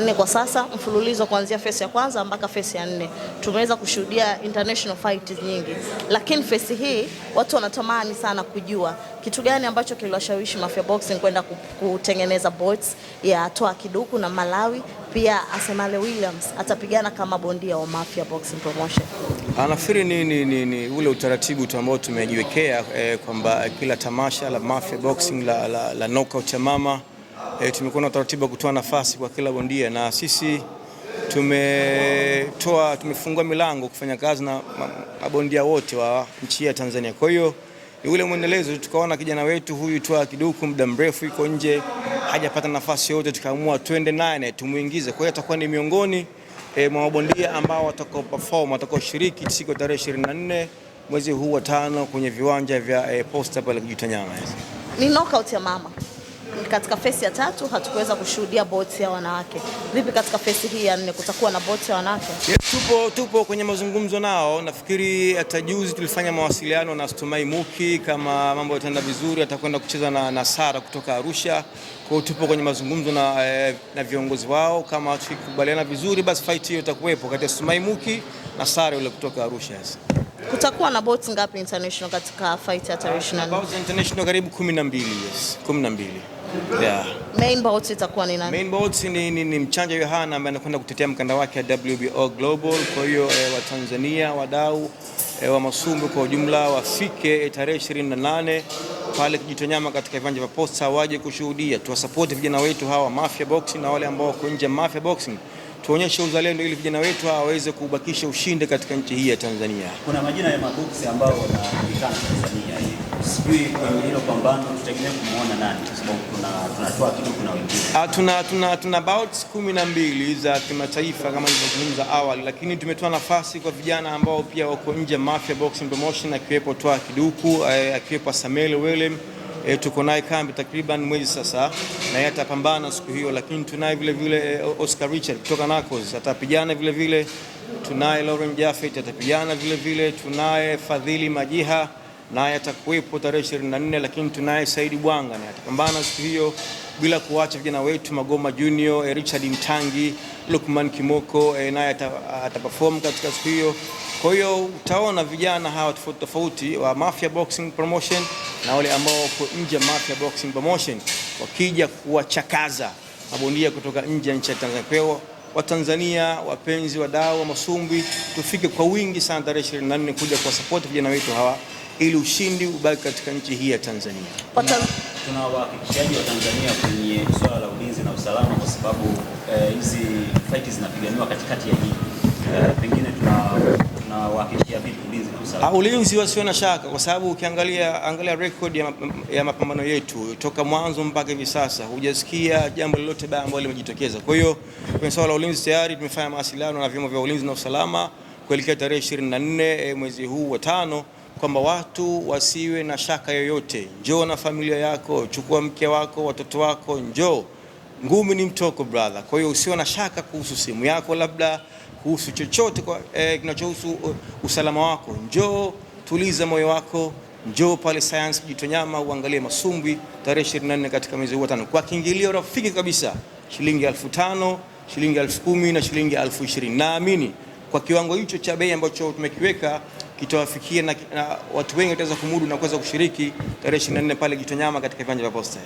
nne kwa sasa mfululizo kuanzia fesi ya kwanza mpaka fesi ya nne tumeweza kushuhudia international fights nyingi, lakini fesi hii watu wanatamani sana kujua kitu gani ambacho kiliwashawishi Mafia Boxing kwenda kutengeneza bots ya Toa Kiduku na Malawi. Pia Asemale Williams atapigana kama bondia wa Mafia Boxing Promotion. Anafikiri ni, ni, ni, ni ule utaratibu ambao tumejiwekea eh, kwamba kila tamasha la Mafia Boxing la, la, la knockout ya mama e, tumekuwa na utaratibu wa kutoa nafasi kwa kila bondia na sisi tumetoa tumefungua milango kufanya kazi na mabondia wote wa nchi ya Tanzania. Kwa hiyo ni ule mwendelezo, tukaona kijana wetu huyu Twaha Kiduku muda mrefu yuko nje hajapata nafasi yote, tukaamua twende naye tumuingize. Kwa hiyo atakuwa ni miongoni e, mwa mabondia ambao watakao perform watakao shiriki siku tarehe 24 mwezi huu wa tano kwenye viwanja vya e, Posta pale Kijitonyama. Ni knockout ya mama katika fesi ya tatu hatukuweza kushuhudia boti ya wanawake. Vipi katika fesi hii ya nne kutakuwa na boti ya wanawake? Yes, tupo, tupo kwenye mazungumzo nao. Nafikiri hata juzi tulifanya mawasiliano na Stumai Muki, kama mambo yataenda vizuri atakwenda kucheza na, na Sara kutoka Arusha. Kwa tupo kwenye mazungumzo na, eh, na viongozi wao, kama tukikubaliana vizuri, basi fight hiyo itakuwepo kati ya Stumai Muki na Sara yule kutoka Arusha. Kutakuwa na bouts ngapi international katika fight ya tarehe 28? Bouts international karibu 12, yes. 12. Yeah. Main bout itakuwa ni nani? Main bout ni, ni, ni mchanja Yohana ambaye anakwenda kutetea mkanda wake wa WBO Global. Kwa hiyo eh, wa Tanzania wadau eh, wa masumbu kwa ujumla wafike eh, tarehe 28 pale Kijitonyama katika viwanja vya Posta waje kushuhudia, tuwasapoti vijana wetu hawa Mafia Boxing na wale ambao wako nje Mafia Boxing tuonyeshe uzalendo ili vijana wetu hawa waweze kubakisha ushindi katika nchi hii ya Tanzania. Kuna majina ya maboksi ambao wanajulikana Tanzania, sijui kwenye hilo pambano tutegemea kumuona nani? Kwa sababu kuna tunatoa kitu, kuna wengine ah, tuna tuna bouts kumi na mbili za kimataifa kama nilivyozungumza awali, lakini tumetoa nafasi kwa vijana ambao pia wako nje. Mafia Boxing Promotion akiwepo Twa Kiduku, eh, akiwepo Samuel Welem E, tuko naye kambi takriban mwezi sasa, na yeye atapambana siku hiyo, lakini tunaye vile vile e, Oscar Richard kutoka Nakos atapigana vile vile, tunaye Lauren Jafet atapigana vile vile, tunaye Fadhili Majiha naye atakuwepo tarehe 24, lakini tunaye Saidi Bwanga naye atapambana siku hiyo, bila kuacha vijana wetu Magoma Junior, eh, Richard Mtangi, Lukman Kimoko eh, naye ataperform katika siku hiyo. Kwa hiyo utaona vijana hawa tofauti tofauti wa Mafia Boxing Promotion na wale ambao wako nje ya Mafia Boxing Promotion wakija kuwachakaza mabondia kutoka nje ya nchi ya Tanzania. Kwa hiyo Watanzania wapenzi, wadau wa masumbwi, tufike kwa wingi sana tarehe 24 kuja kuwasapoti vijana wetu hawa ili ushindi ubaki katika nchi hii ya Tanzania. Tunawahakikishaji wa Tanzania kwenye swala la ulinzi na usalama, kwa sababu eh, hizi eh, fight zinapiganiwa katikati ya jiji eh, pengine tunawahakikishia vipi ulinzi na usalama? Ah, ulinzi wasio na shaka, kwa sababu ukiangalia angalia record ya, ya mapambano yetu toka mwanzo mpaka hivi sasa hujasikia jambo lolote baya ambalo limejitokeza. Kwa hiyo kwenye swala la ulinzi tayari tumefanya mawasiliano na vyombo vya ulinzi na usalama kuelekea tarehe 24 eh, mwezi huu wa tano kwamba watu wasiwe na shaka yoyote. Njoo na familia yako, chukua mke wako, watoto wako, njoo. Ngumi ni mtoko brother. Kwa hiyo usiwe na shaka kuhusu simu yako, labda kuhusu chochote eh, kinachohusu uh, usalama wako. Njoo, tuliza moyo wako, njoo pale Sayansi jitonyama uangalie masumbwi tarehe 24 katika mwezi wa tano kwa kiingilio rafiki kabisa, shilingi elfu tano shilingi elfu kumi na shilingi elfu ishirini naamini kwa kiwango hicho cha bei ambacho tumekiweka kitawafikia na, na watu wengi wataweza kumudu na kuweza kushiriki tarehe 24 pale Kitonyama katika viwanja vya Posta.